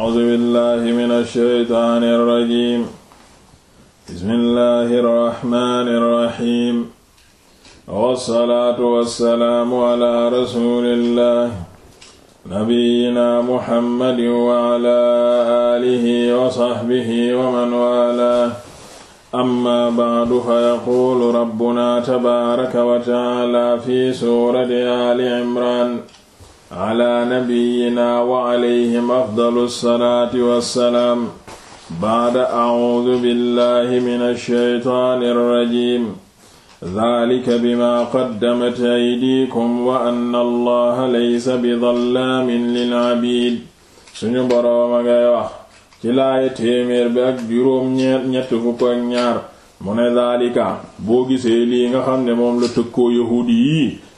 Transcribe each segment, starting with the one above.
A'uuzu billaahi mina shaytaani rajiim. Bismillaahi rahmaani rahiim. Wassalaatu wassalaamu alaa rasuulillaahi. Nabiyyinaa Muhammadin wa alaa aalihi wa sahbihi wa man waalaah. Ammaa ba'du fayaquulu rabbunaa tabaaraka wa ta'aalaa fi suurati Aali Imraan. ala nabiyyina wa alayhim afdalu salaati wassalaam baada acuudu billahi min alsheytaani alrajim dalika bima qaddamat aydiikum wa anna allaha laysa bidallaamin lilcabiid suñu boroom a ngay wax ci laaya bi ak juróom ñett fukk ak ñaar mu ne daalika boo gisee lii nga xam ne moom la tëkkoo yahuudi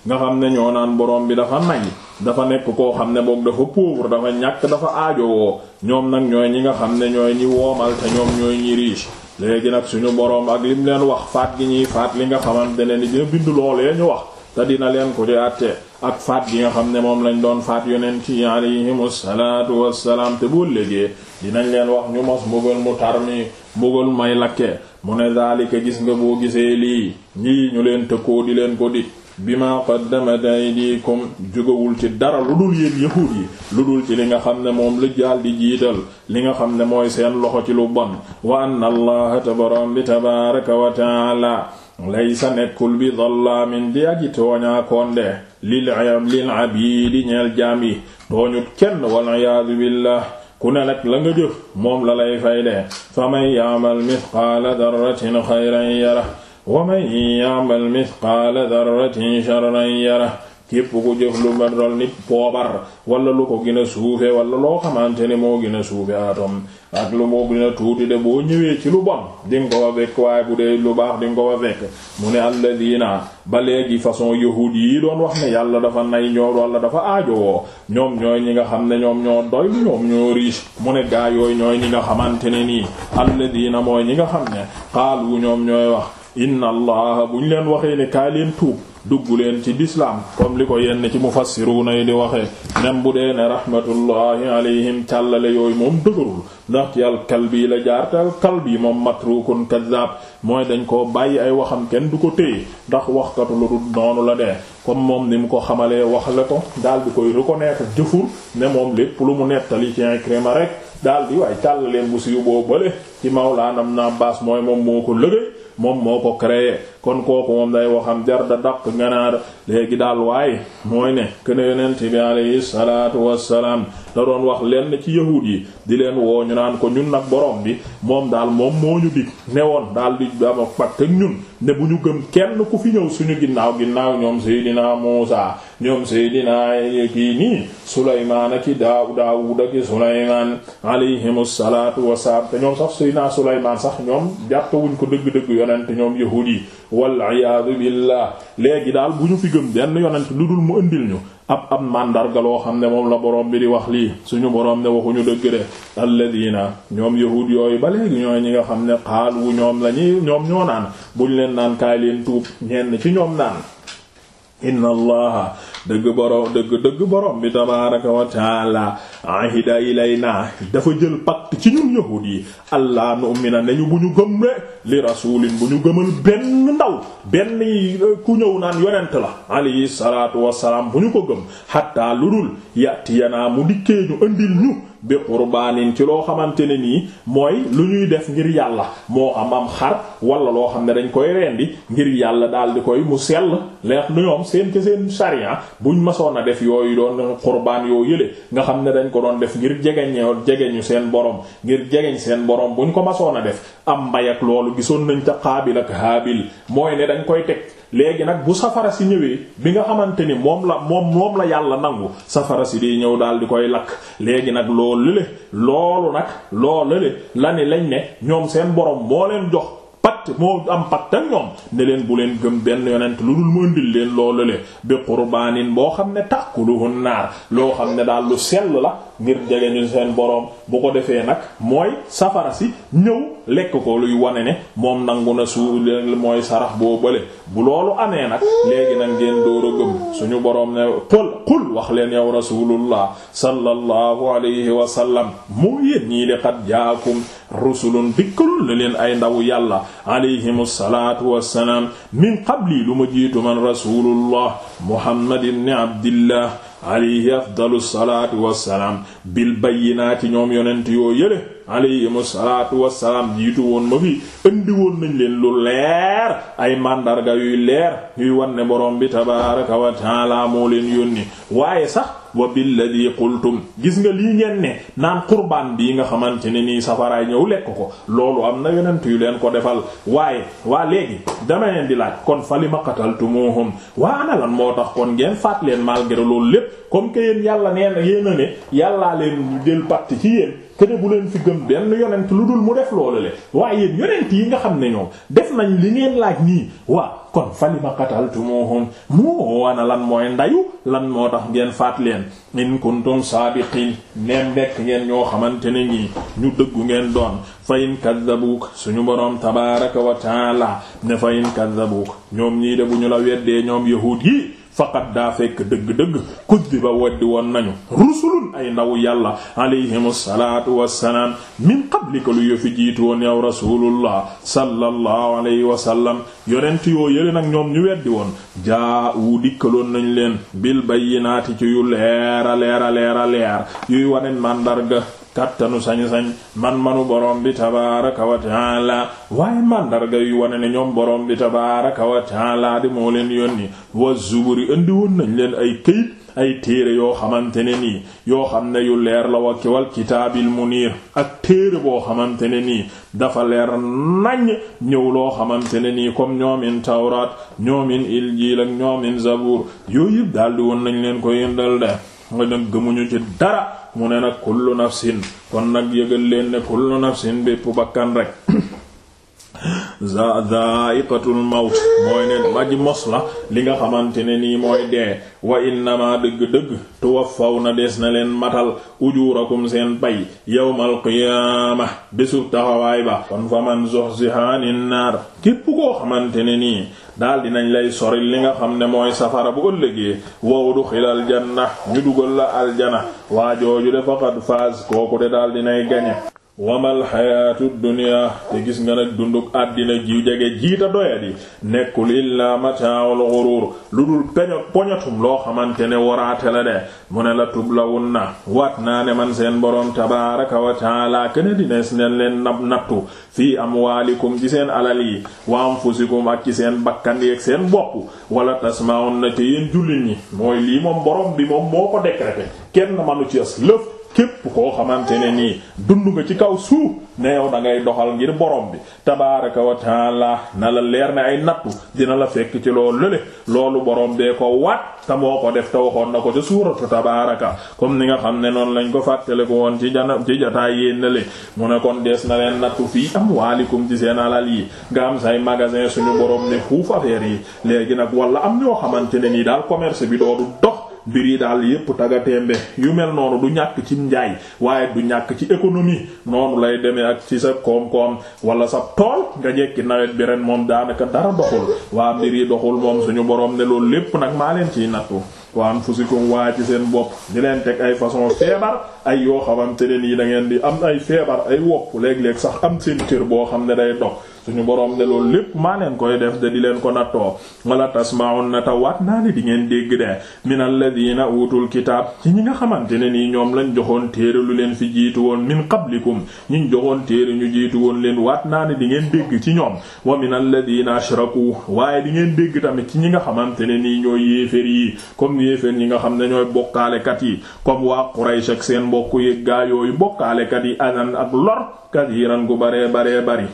nga xam ne ñoo naan boroom bi dafa may dafa nekk koo xam ne boog dafa pauvre dafa ñàkk dafa aajowoo ñoom nag ñooy ñi nga xam ne ñooy ñi woomal te ñoom ñooy ñi riche léegi nag suñu borom ak lim leen wax faat gi ñuy faat li nga xamante ne ni dina bind loolee ñu wax te dina leen ko di àtte ak faat gi nga xam ne moom lañ doon faat yonent yi alayhimu salaatu wassalaam te boo légee dinañ leen wax ñu mos mbugal mu tar mi mbugal may lakke mu ne daalika gis nga boo gisee lii ñii ñu leen tëkkoo di leen ko bima qaddamat aydikum jógawul ci dara lu dul yéen yahuud yi lu dul ci li nga xam ne moom la jaal di jiital li nga xam ne mooy seen loxo ci lu bon wa anna allaha tabaram bi tabaraka wa taala laysa nekkul bi dhallaamin di aji tooñaakoon de lil lil abiidi ñeel jaam yi tooñut kenn wal iyaadu billah ku ne nag la nga jëf moom la lay fay de fa man ya'mal mithqaala dharratin khayran yarah wa man ya'mal mithqaala dharratin sharran yara képp ku jëf lu ma noonu ni poobar wala lu ko gën a suufe wala loo xamante ne moo gën a suufe atom ak lu moo gën a tuuti de boo ñëwee ci lu bon di ko fa fekk waaye bu dee lu baax di ko fa fekk mu ne alladina ba léegi façon yahuud yi doon wax ne yàlla dafa nay ñoom wala dafa aajo ñoom ñooy ñi nga xam ne ñoom ñoo doy mu ne gaa yooyu ñooy ñi nga xamante ne nii alladina mooy ñi nga xam ne xaalu ñoom ñooy wax inna allaha bu ñu leen waxee ne kaay leen tuub duggu leen ci lislaam comme li ko yenn ci mufassiruuna yi di waxee nem bu dee ne rahmatullahi alayhim càllale yooyu moom dëgërul ndax ci al-Kalbi la jaar te al yi moom matrukun kazzab mooy dañ koo bàyyi ay waxam kenn du ko téye ndax waxkatu lu dul noonu la dee comme moom ni mu ko xamalee wax la ko daal di koy reconnaître jëfur ne moom lépp lu mu nettali ci Ikrima rek daal di waay càllaleen bu siiw boo bële ci mawlaanam na Abbaas mooy moom moo ko lëgëy moom moo ko créé kon kooku moom day waxam jar da dàq ganaar léegi daal waaye mooy ne kene yonent bi alayhi salaatu wassalaam da doon wax lenn ci yahuud yi di leen woo ñu naan ko ñun nag boroom bi moom daal moom moo ñu dig ne woon daal di dama patt ak ñun ne bu ñu gëm kenn ku fi ñëw suñu ginnaaw ginnaaw ñoom Seydina Muusa ñoom Seydina kii nii Sulaymaan ak daaw Daawuud ak Sulaymaan alayhimu salaatu wassalaam te ñoom sax Seydina Sulaymaan sax ñoom jàppewuñ ko dëgg-dëgg yonent ñoom yahuud yi wal iyaadu billah léegi daal bu ñu fi gëm benn yonent lu dul mu ëndil ñu ab ab màndarga loo xam ne moom la borom bi di wax lii suñu borom ne waxuñu dëgg de alladina ñoom yahud yooyu ba léegi ñooy ñi nga xam ne xaalu ñoom la ñuy ñoom ñoo naan buñ leen naan kaay leen tuub ñenn ci ñoom naan inna allaha dëgg boroom dëgg dëgg borom bi tabaaraka wa taala ahida ilayna dafa jël pacte ci ñun yahuud yi allah nu'mina nañu bu ñu gëm li rasuulin bu ñu gëmal benn ndaw benn euh, ku ñëw naan yonent la alayhi salaatu wassalaam bu ñu ko gëm hatta lu dul yatiyanaa mu dikkee ñu ëndil ñu bi qurbaanin ci loo xamante ne nii mooy lu ñuy def ngir yàlla moo am am xar wala loo xam ne dañ koy rendi ngir yàlla daal di koy mu sell leex nu ñoom seen ci seen sariya buñ masoon a def yooyu doon xurbaan yoo yële nga xam ne dañ ko doon def ngir jegeñoo jegeñu seen borom ngir jegeñ seen borom buñ ko masoon a def am mbay ak loolu gisoon nañ ca Qaabil ak Haabil mooy ne dañ koy teg léegi nag bu safara si ñëwee bi nga xamante ni moom la moom moom la yàlla nangu safara si di ñëw daal di koy lakk léegi nag loo le loolu nag loolu le la ni lañ ne ñoom seen borom moo leen jox pacte moo am pacte ak ñoom ne leen bu leen gëm benn yonent lu dul mu indil leen loolu le bi qurbaanin boo xam ne takuluhun naar loo xam ne daal lu sell la ngir jege ñu seen boroom bu ko defee nag mooy safara si lekk ko luy wane ne moom nangu na suu mooy sarax boo bële bu loolu amee nag léegi nag ngeen door a gëm suñu boroom ne qul qul wax leen yow rasulullah sallallahu alayhi wa sallam moo yéen ñii de qad jaakum rusulun dikkalul la leen ay ndawu yàlla alayhim salaatu wassalaam min qabli lu ma jiitu man rasulullah muhammad ibn abdillah alayhi afdalu salaatu wassalaam bil bayyinaati ñoom yonent yoo yële alayhimu salaatu wassalaam jiitu woon ma fi indi woon nañ leen lu leer ay màndarga yuy leer yuy wan ne borom bi tabaaraka wa taala moo leen yónni waaye sax wa billadi qultum gis nga lii ngeen ne naan qurbaan bii nga xamante ne nii safaraay ñëw lekk ko loolu am na yonent yu leen ko defal waaye waa léegi dama leen di laaj kon fa li ma qataltumuhum waa ana moo tax kon ngeen faat leen malgré loolu lépp comme que yàlla nee na yéen ne yàllaa leen jël patt ci yéen ne bu leen fi gëm benn yonent lu dul mu def loolu le waaye yéen yonent yi nga xam ne ñoom def nañ li ngeen laaj nii waa kon falima qataltumuhum mu wana lan mooy ndayu lan moo tax ngeen faat leen in kuntum saabiqin neem nekk ngeen ñoo xamante ne ngi ñu dëggu ngeen doon fa in kaddabuuk suñu boroom tabaaraka wa taala ne fa in ñoom ñii de bu ñu la weddee ñoom yahuud yi faqat daa fekk dëgg-dëgg ba weddi woon nañu rusulun ay ndaw yàlla alayhimu salaatu wassalaam min qablika lu yo fi jiitu woon yow rasulullah sallallahu alayhi wa sallam yoo yële nag ñoom ñu weddi woon jaa wu dikkaloon nañ leen bil bayyinaati ci yu leer a leer a leer yuy wane màndarga kattanu sañ-sañ man-manu borom bi tabaraka wa taala waaye mandarga yu wane ne ñoom borom bi tabaraka wa taala di moo leen yónni wa zuburi indi woon nañ leen ay këyit ay téere yoo xamante ne nii yoo xam ne yu leer la wa kiwal kitaabil muniir ak téere boo xamante ne nii dafa leer naññ ñëw loo xamante ne nii comme ñoomin tawraat ñoomin injiil ak ñoomin zabuur yooyu yëpp daldi woon nañ leen ko yëndal de nga dem gëmuñu ci dara mu ne nag kullu nafsin kon nag yëgal leen ne kullu nafsin bépp bakkan rek dha'iqatul mawt mooy ne aji mos la li nga xamante ne nii mooy dee wa innama dëgg-dëgg tuwaffawna des na leen matal ujurakum seen pay yawmal qiyaama bésul taxawaay ba kon fa man zuhziha anin naar képp koo xamante ne nii daal nañ lay sori li nga xam ne mooy safara bu ëllëgee wow du xilal janna ñu dugal la aljana waa jooju de faqad faaz kooku de daal nay gañe wamal xayaatu dunya te gis nga nag dunduk àddina ji jege jiita doyadi nekkul illaa mataawul xuruur lu dul peño poñatum loo xamante ne waraate la de mu ne la tublawun na waat naa ne man seen boroom tabaaraka wa taala kene dines nen leen nab nattu fii amwaalikum ci seen alal yi wa anfusikum ak ci seen bakkan yeeg seen bopp wala tasmaawun na te yéen jullit ñi mooy lii moom boroom bi moom moo ko décrété kenn manu ci as lëf képp koo xamante ne nii dund nga ci kaw suuf ne yow da ngay doxal ngir borom bi tabaaraka wa taala na la leer ne ay nattu dina la fekk ci loolu lële loolu borom bee ko wat te moo ko def te waxoon na ko ci suuratu tabaaraka comme ni nga xam ne noonu lañ ko fàttale ko woon ci jana ci jotaay yéen na le mu ne kon dees na leen nattu fii am waalikum ci seen alal yi nga am say magasin suñu borom ne fuuf affaire yi léegi nag wala am ñoo xamante ne nii daal commerce bi doodu mbir yi daal yépp tagatémbe yu mel noonu du ñàkk ci njaay waaye du ñàkk ci économie noonu lay demee ak ci sa koom-koom wala sa tool nga jekki nawet bi ren moom daanaka dara doxul waa mbir yi doxul moom suñu borom ne loolu lépp nag maa leen ciy nattu wa anfusikum waa ci seen bopp di leen teg ay façon feebar ay yoo xamante ne nii da ngeen di am ay feebar ay wokk léeg-léeg sax am seen cër boo xam ne day dox suñu borom de loolu lépp maa leen koy def de di leen ko nattoo wala tasma'unna tawaat naa ne di ngeen dégg de min alladina utul kitaab ci ñi nga xamante ne nii ñoom lañ joxoon téere lu leen fi jiitu woon min qablikum ñi joxoon téere ñu jiitu woon leen waat naa ne di ngeen dégg ci ñoom wa min alladina ashraku waaye di ngeen dégg tamit ci ñi nga xamante ne nii ñooy yéeféer yi comme yéeféer ñi nga xam ne ñooy bokkaalekat yi comme waa Quraysh ak seen mbokk yi gaa yooyu bokkaalekat yi anan ak yi ran gu bare bare bari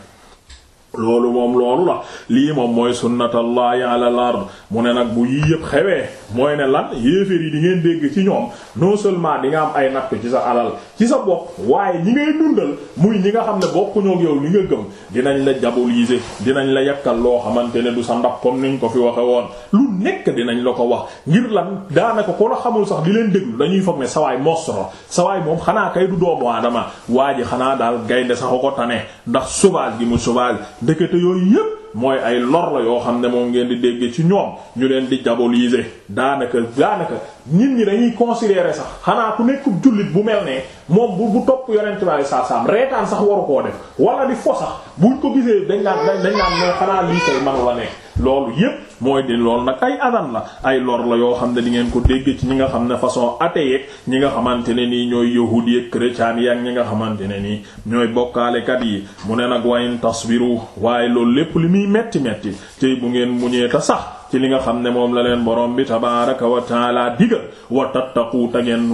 loolu moom loolu la lii moom mooy sunnatallahi ala al-ard mu ne nag bu yii yëpp xewee mooy ne lan yéeféer yi di ngeen dégg ci ñoom non seulement di nga am ay nattu ci sa alal ci sa bopp waaye ñi ngay dundal muy ñi nga xam ne bokkuñoo yow li nga gëm dinañ la diaboliser dinañ la yekkal loo xamante ne du sa ndap comme niñ ko fi waxe woon lu nekk dinañ la ko wax ngir lan daanaka ko la xamul sax di leen déglu dañuy foog ne sawaay mosro sawaay moom xanaa kay doomu aadama waa ji xanaa daal gaynde sax ko tane ndax sauvage gi mu sauvage ndekete yooyu yépp mooy ay lor la yoo xam ne moom ngeen di dégge ci ñoom ñu leen di diaboliser daanaka daanaka nit ñi dañuy considérer sax xanaa ku nekk jullit bu mel ne moom bu bu topp yonent bi saa saam reetaan sax waru koo def wala di fo sax buñ ko gisee dañ naan dañ naan xanaa lii tay man la ne loolu yépp mooy di lool nag ay adan la ay lor la yoo xam ne di ngeen ko dégg ci ñi nga xam ne façon athée ñi nga xamante ne nii ñooy yahuud yi chrétien yi ak ñi nga xamante ne nii ñooy bokkaalekat yi mu ne nag wayin tasbiru waaye loolu lépp li muy metti metti tey bu ngeen muñee ta sax ci li nga xam ne moom la leen borom bi tabaaraka wa taala digal wa tattaqu ta ngeen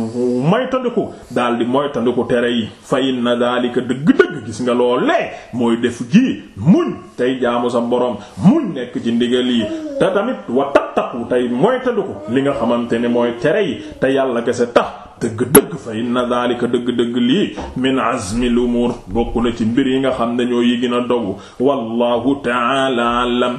moytandiku daal di moytandiku tere yi fa inna daalika dëgg-dëgg gis nga loolee mooy def gii muñ tey jaamu sa borom muñ nekk ci ndigal yi te tamit wa tattaqu tey ko li nga xamante ne mooy tere yi te yàlla kese tax. dëgg-dëgg fa inna daalika dëgg-dëgg lii min azmi l bokk na ci mbir yi nga xam ne ñoo yi gën a dogu wallahu ta'ala alam